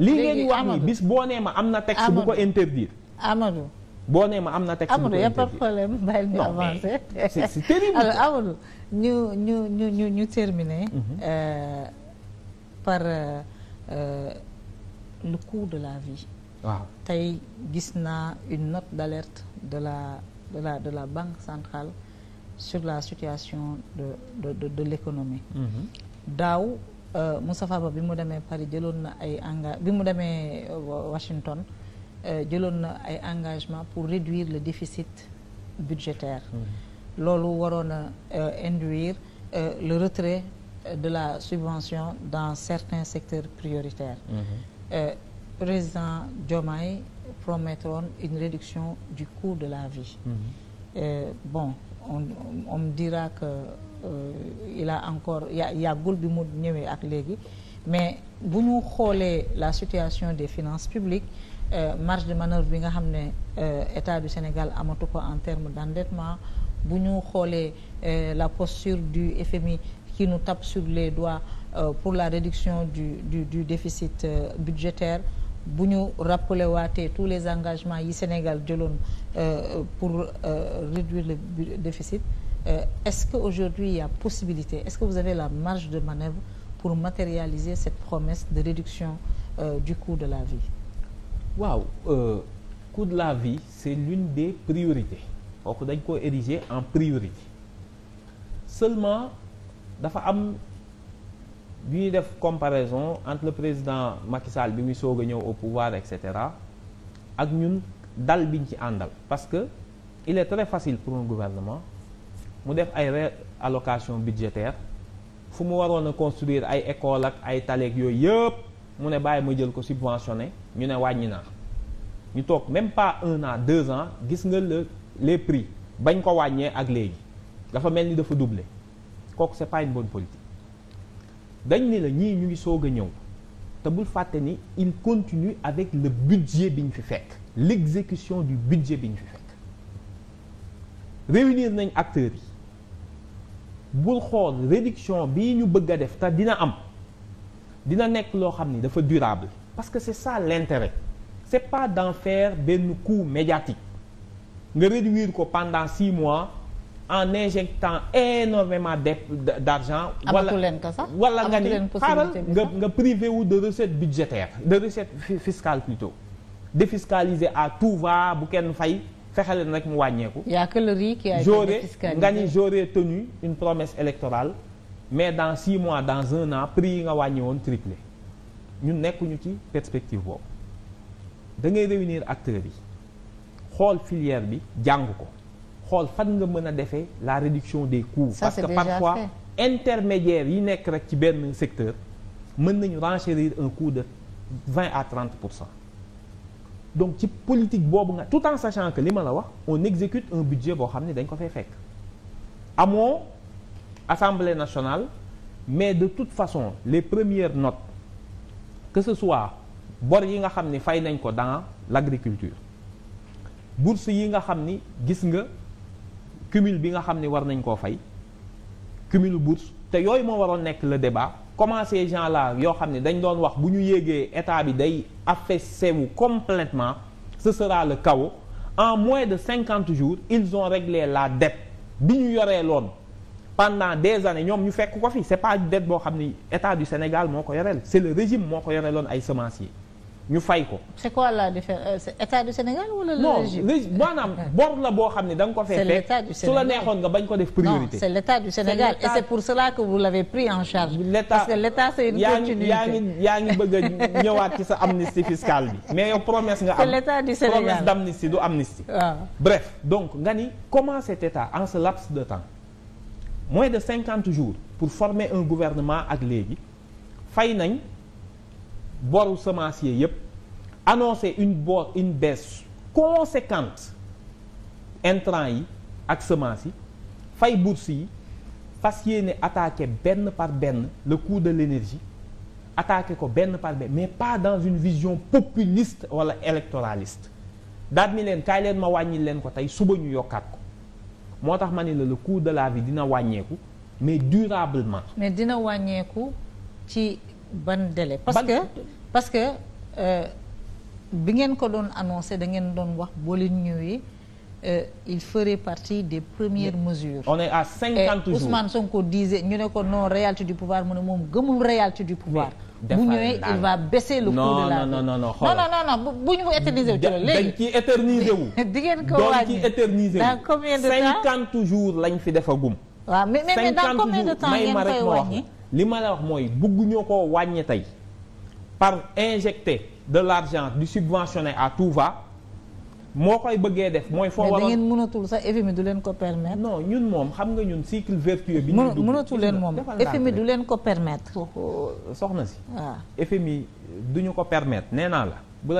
li ngeen wax ni bis boo nee ma am na texte bu ko interdire. Amadou boo nee ma am na texte bu ko interdire Amadou y a pas de problème bàyyi ñu avancer. c'est Amadou ñu ñu ñu ñu mhm. euh, par euh, le coût de la vie. waaw tey gis naa une note d'alerte de la de la de la banque centrale sur la situation de de de, l'économie. Mhm. daaw. Euh, Moustapha bi mu demee Paris jëloon na ay enga bi mu demee euh, Washington euh, jëloon na ay engagement pour réduire le déficit budgétaire mm-hmm. loolu waroon a induire le retrait de la subvention dans certains secteurs prioritaires mm-hmm. président Diomaye promettoon une réduction du coût de la vie mm-hmm. on on dira que Euh, il encore ya yàggul bi mu ñëwee ak léegi mais bu ñu xoolee la situation des finances publiques euh, marge de manœuvre bi nga xam ne euh, état du Sénégal amatu ko en termes d'endettement bu ñu xoolee euh, la posture du FMI qui nous tape sur les doigts pour la réduction du du du déficit euh, budgétaire bu ñu rappelé waatee tous les engagements yi Sénégal jëloon pour réduire le déficit Euh, est-ce que aujourd'hui il possibilité est-ce que vous avez la marge de manœuvre pour matérialiser cette promesse de réduction euh, du coût de la vie waaw euh, coût de la vie c'est l'une des priorités kooku dañ ko ériger en priorité seulement dafa am bi ñuy def comparaison entre le président Macky Sall bi muy soog a ñëw au pouvoir et cetera ak ñun dal ñu ci àndal parce que il est très facile pour un gouvernement mu def ay re allocation budgétaire fu mu waroon a construire ay école ak ay taleeg yooyu yëpp mu ne bàyyi ma jël ko subventionné ñu ne wàññi naa ñu toog même pas un an deux ans gis nga le les prix bañ ko wàññee ak léegi dafa mel ni dafa doublé kooku c'est pas une bonne politique dañ ni la ñii ñu ngi soog a ñëw te bul fàtte ni il continue avec le budget bi ñu fi fekk l'exécution du budget bi ñu fi fekk réunir nañ acteurs yi bul xool réduction bii ñu bëgg a def te dina am dina nekk loo xam ni dafa durable parce que c'est ça l'intérêt c'est pas d'en faire benn coup médiatique nga réduire ko pendant six mois en injectant énormément d'argent wala wala nga ni xaaral nga nga privé wu de recettes budgétaires de recettes fiscales plutôt défiscaliser à tout va bu kenn fay fexe leen rek mu wàññeeku. y' que le riz nga ni j'aurais tenu une promesse électorale mais dans six mois dans un an prix yi nga wàññee woon triplé ñu nekkuñu ci perspective boobu da ngay réunir acteur yi xool filière bi jàng ko xool fan nga mën a defee la réduction des coûts. Ça, parce que parfois fait. intermédiaire yi nekk rek ci benn secteur mën nañu renchérir un coût de vingt à trente pour cent. donc ci politique boobu nga tout en sachant que li ma la wax on exécute un budget boo xam ne dañ ko fay fekk amoo assemblée nationale mais de toute façon les premières notes que ce soit bor yi nga xam ni fay nañ ko dans l'agriculture bourse yi nga xam ni gis nga cumul bi nga xam ni war nañ koo fay cumul bourse te yooyu moo waroon nekk le débat comment ces gens là yoo xam ne dañ doon wax bu ñu yéegee état bi day affaissé wu complètement ce sera le chaos en moins de cinquante jours ils ont réglé la dette bi ñu yoree loon pendant des années ñoom ñu fekk ko fi c'est pas dette boo xam ni état du Sénégal moo ko yoreel c'est le régime moo ko yoreeloon ay semenciers ñu fay ko. c'est quoi la différence euh, c'est état du Sénégal wala le régime non maanaam bor la boo xam ne da nga ko fee fekk su la neexoon nga bañ ko def priorité. non c'est l'état du Sénégal et c'est pour cela que vous l'avez pris en charge. parce que l'état c'est yaa ngi yaa ngi bëgg a ñëwaat ci sa amnistie fiscale bi. mais yow promesse nga am c'est l'état du Sénégal promesse ah. bref donc nga ni comment cet état en ce laps de temps moins de cinquante jours pour former un gouvernement ak léegi nañ. boru semencier yépp annoncé une bo une baisse conséquente intrants yi ak semence yi fay bourse yi fas yéene attaqué benn par benn le coût de l'énergie attaqué ko benn par benn mais pas dans une vision populiste wala électoraliste daat mi leen kaay leen ma wàññi leen ko tey suba ñu yokkaat ko moo tax ma ne la le coût de la vie dina wàññeeku mais durablement mais dina wàññeeku ci ban délai parce que parce que euh, bi ngeen ko doon annoncé da ngeen doon wax boo leen ñëwee euh, il ferait partie des premières Mais mesures. a est à cinquante jours Ousmane Sonko disait ñu ne ko non réalité du pouvoir mu ne moom gëmul réalité du pouvoir. bu ñëwee il va baisser le coût de la non non non non non non bu ñu éterniser wu wu. di ngeen ko wàññi donc ciy éterniser wu. dans combien de temps cinquante jours lañ fi defagum. waaw mais mais mais ngeen koy wàññi li ma la wax mooy bugg ñoo koo wàññi tey par injecter de l'argent du subventionné à tout va moo koy bëggee def mooy. foo waroon ngeen mënatul sax FMI du leen ko permettre. non ñun moom xam nga ñun cycle vertueux bi. ñu dugg mënatul leen moom FMI du leen ko permettre. soxna si. waaw ah. FMI duñu ñu ko permettre nee naa la bu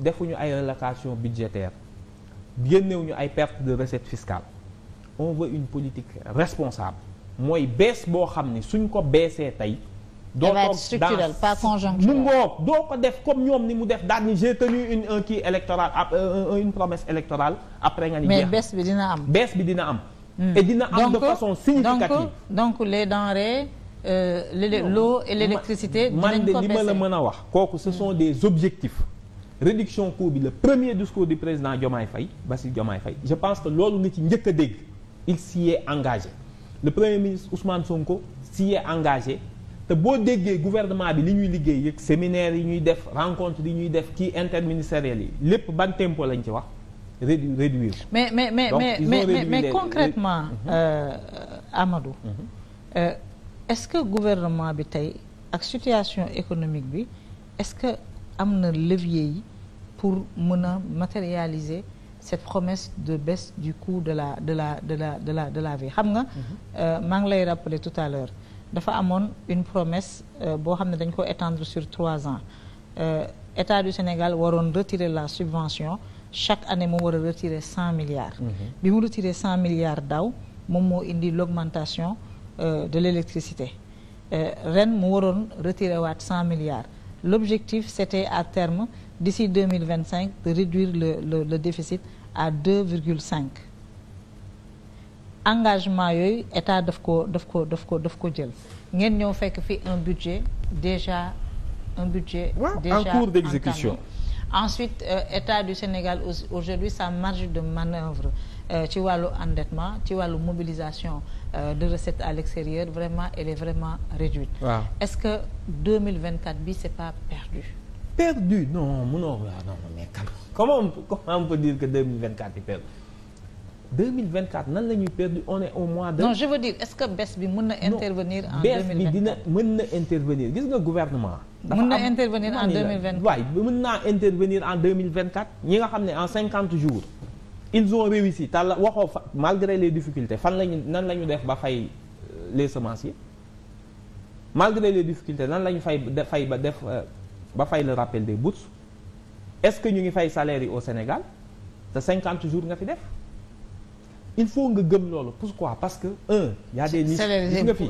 defuñu ay relocation budgétaire génnewuñu ay perte de recette fiscale on veut une politique responsable. mooy bees boo xam ne suñ ko beesee tey. doo toog structurel pas conjoncturel mu ngoog doo ko def comme ñoom ni mu def daal ni j'ai tenu une un kii électoral euh, euh, euh, une promesse électorale après nga ni mais bees bi dina am bees bi dina am hmm. et dina am de façon significative donc les denrées l'eau et l'électricité man de li ma a mën a wax kooku ce sont hmm. des objectifs réduction coût bi le premier discours du président Diomaye Faye Bassirou Diomaye fay je pense que loolu nga ci njëkk a dégg il s'y est engagé le premier ministre Ousmane Sonko s'y est engagé te boo déggee gouvernement bi li ñuy liggéey yëg séminaire yi ñuy def rencontre yi ñuy def kii interministériel yi lépp ban tempo lañ ci wax réduire réduire. mais mais mais mais mais, mais, mais les... concrètement mm-hmm. euh, Amadou. Mm est-ce que gouvernement bi tey ak situation économique bi est-ce que am na levier yi pour mën a matérialiser. cette promesse de baisse du coût de la de la de la de la de la xam nga. Mhm. Euh, maa ngi lay rappeler tout à l'heure dafa amoon une promesse euh, boo xam ne dañ ko étendre sur trois ans euh, État du Sénégal waroon retirer la subvention chaque année mu war a retirer cent milliards. Mhm. bi mu retirer cent milliards daaw moom moo indi l'augmentation de l'électricité ren mu waroon retirer waat cent milliards l'objectif c'était à terme. d'ici 2025 de réduire le, le, le déficit à 2,5 engagement yooyu état daf ko daf ko daf ko daf ko jël ngeen ñëw fekk fi un budget déjà un budget ouais, déjà en cours d'exécution ensuite euh, état du Sénégal aujourd'hui sa marge de manœuvre euh, ci wàllu endettement ci wàllu mobilisation euh, de recettes à l'extérieur vraiment elle est vraiment réduite wow. est-ce que 2024 bi c'est pas perdu perdu non munoo ah non mais comment on, comment on peut dire que 2024 yi perdu 2024 nan la ñuy perdu on est mois de. non je veux dire est-ce que bés bi mën na intervenir. en 2024 bi dina mën na intervenir gis nga gouvernement. dafa mën na intervenir en 2024 waay mën naa intervenir en 2024 ñi nga xam ne en 50 jour ils ont réussi tal waxoo fa malgré les difficultés fan la ñu nan la ñu def ba fay euh, les semenciers malgré les difficultés nan la ñu fay fay ba def. Euh, ba fay la rappel des bourses est-ce que ñu ngi fay salaire yi au Sénégal te cinquante jours nga fi def il faut nga gëm loolu quoi parce que un y a des listes nga fi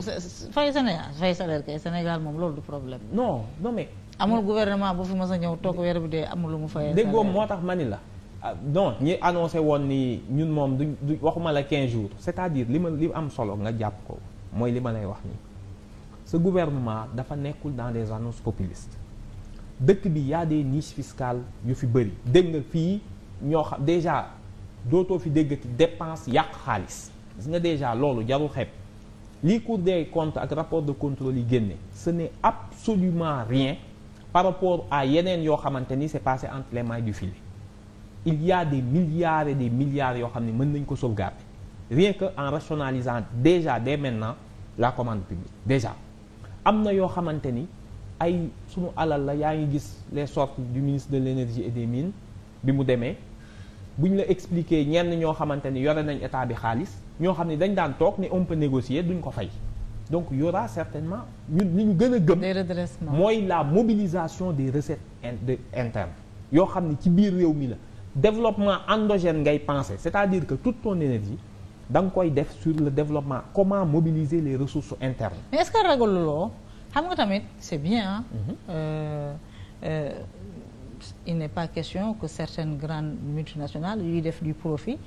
fay Sénégal fay salaire kay Sénégal moom loolu du problème no non mais amul gouvernement bu fi mës a ñëw toog weer bi dee amul lu mu fay déggoo moo tax ma ni la ah, non ñi annoncé woon nii ñun moom du waxuma la quinze jours c'est-à-dire li ma li am solo nga jàpp ko mooy li ma lay wax nii gouvernement dafa nekkul dans des annonces populistes dëkk bi yaa a des niches fiscales yu fi bëri dégg nga fii ñoo xam déjà dootoo fi déggati dépense yàq xaalis gis nga déjà loolu jarul xeeb lii Cour des comptes ak rapport de contrôle yi génne ce n'est absolument rien par rapport a yeneen yoo xamante ni c'est passé entre les du filet il y a des milliards et des milliards yoo xam ne mën nañ ko sauvegarder rien que en rationalisant déjà dès maintenant la commande publique déjà am na yoo xamante ni ay sunu alal la yaa ngi gis les sorties du ministre de l'énergie et des mine bi mu demee bu ñu la expliquer ñenn ñoo xamante ni yore nañ état bi xaalis ñoo xam ne dañ daan toog ni on peut négocier duñ ko fay donc y aura certainement ñun nu ñu gën a gëm mooy la mobilisation des recettes internes yoo xam ne ci biir réew mi la développement endogène ngay penser c'est-à-dire que toute ton énergie da nga koy def sur le développement comment mobiliser les ressources internes mais xam nga tamit c'est bien ah. Mm-hmm. euh, euh, il n'est pas question que certaines grandes multinationales yuy def du profit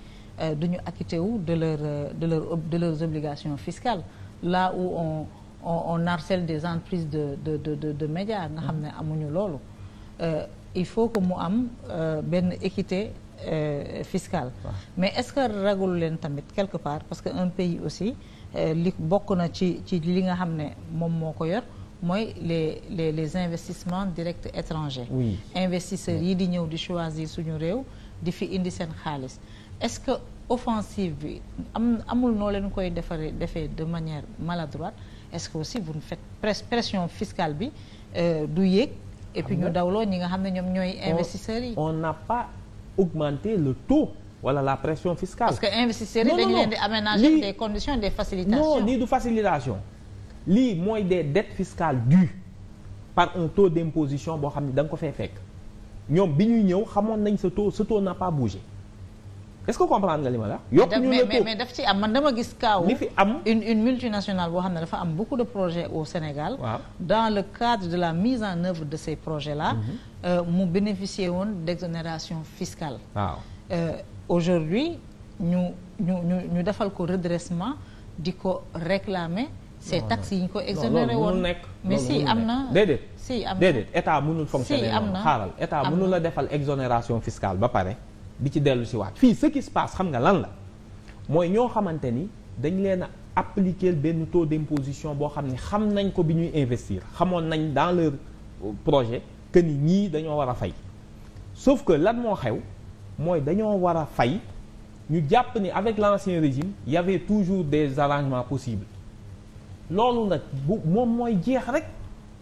euh, duñu acquitté wu de leur euh, de leur de leurs obligations fiscales là où on on, on harcèle des entreprises de de de de, de médias nga xam ne mm-hmm. amuñu loolu euh, il faut que mu am benn équité euh, fiscale. Ah. mais est-ce que ragul leen tamit quelque part parce que un pays aussi. Euh, li bokk na ci ci li nga xam ne moom moo ko yor mooy les les les investissements directs étrangers oui. investisseurs yi di ñëw di choisir suñu réew di fi indi seen xaalis est-ce que offensive bi am amul noo leen koy defaree defee de manière maladroite est-ce que aussi vous ne faites pression fiscale bi euh, du yéeg et puis ñu dawloo ñi nga xam ne ñoom ñooy investisseurs yi on n'a pas augmenté le taux wala la pression fiscale. parce que investisseurs yi dañu leen di aménager des conditions des facilitations. non lii du facilitation lii mooy des dettes fiscales dues par un taux d'imposition boo xam ne da nga ko fay fekk ñoom bi ñuy ñëw xamoon nañ sa taux ce taux n'a pas bougé est-ce que ma la. yokk ñu le taux mais daf ci am man dama gis kaaw. li fi am une une multinationale boo xam ne dafa am beaucoup de projets au Sénégal. waaw dans le cadre de la mise en œuvre de ces projet là. Mm-hmm. Euh, mu bénéficier woon d'exonération fiscale. waaw. Euh, aujourd'hui ñu ñu ñu ñu defal ko redressement di ko réclamer ces taxes yi ñu ko exonéré woon mais si am na déedéet si am na déedéet état mënul fonctionner am na xaaral état mënul la defal exonération fiscale ba pare bi ci dellu si waat fii ce qui se xam nga lan la mooy ñoo xamante ni dañ leen a appliquer benn taux d'imposition boo xam ni xam nañ ko bi ñuy investir xamoon nañ dans leur euh, projet que ni ñii dañoo war a fay sauf que lan moo xew mooy dañoo war a fay ñu jàpp ni avec l'ancien régime il y toujours des arrangements possibles loolu nag bu moom mooy jeex rek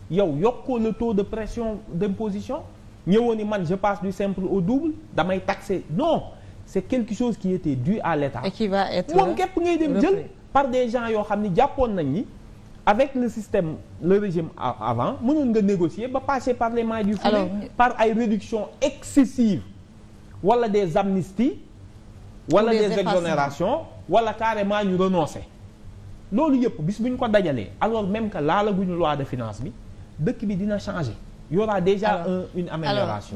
yow yokkoo le taux de pression d'imposition ñëwoon ni man je passe du simple au double damay taxé non c'est quelque chose qui était dû à l'État et qui va être moom képp ngay dem jël par des gens yoo xam ni jàppoon nañ ni avec le système le régime avant mënoon nga négocier ba passer par les mailles par ay réduction excessive wala des amnisties wala des, des exonérations wala carrément ñu renoncer loolu yëpp bis bu ñu ko dajalee alors même que laala guñu loi de finance bi dëkk bi dina changer y aura déjà un une amélioration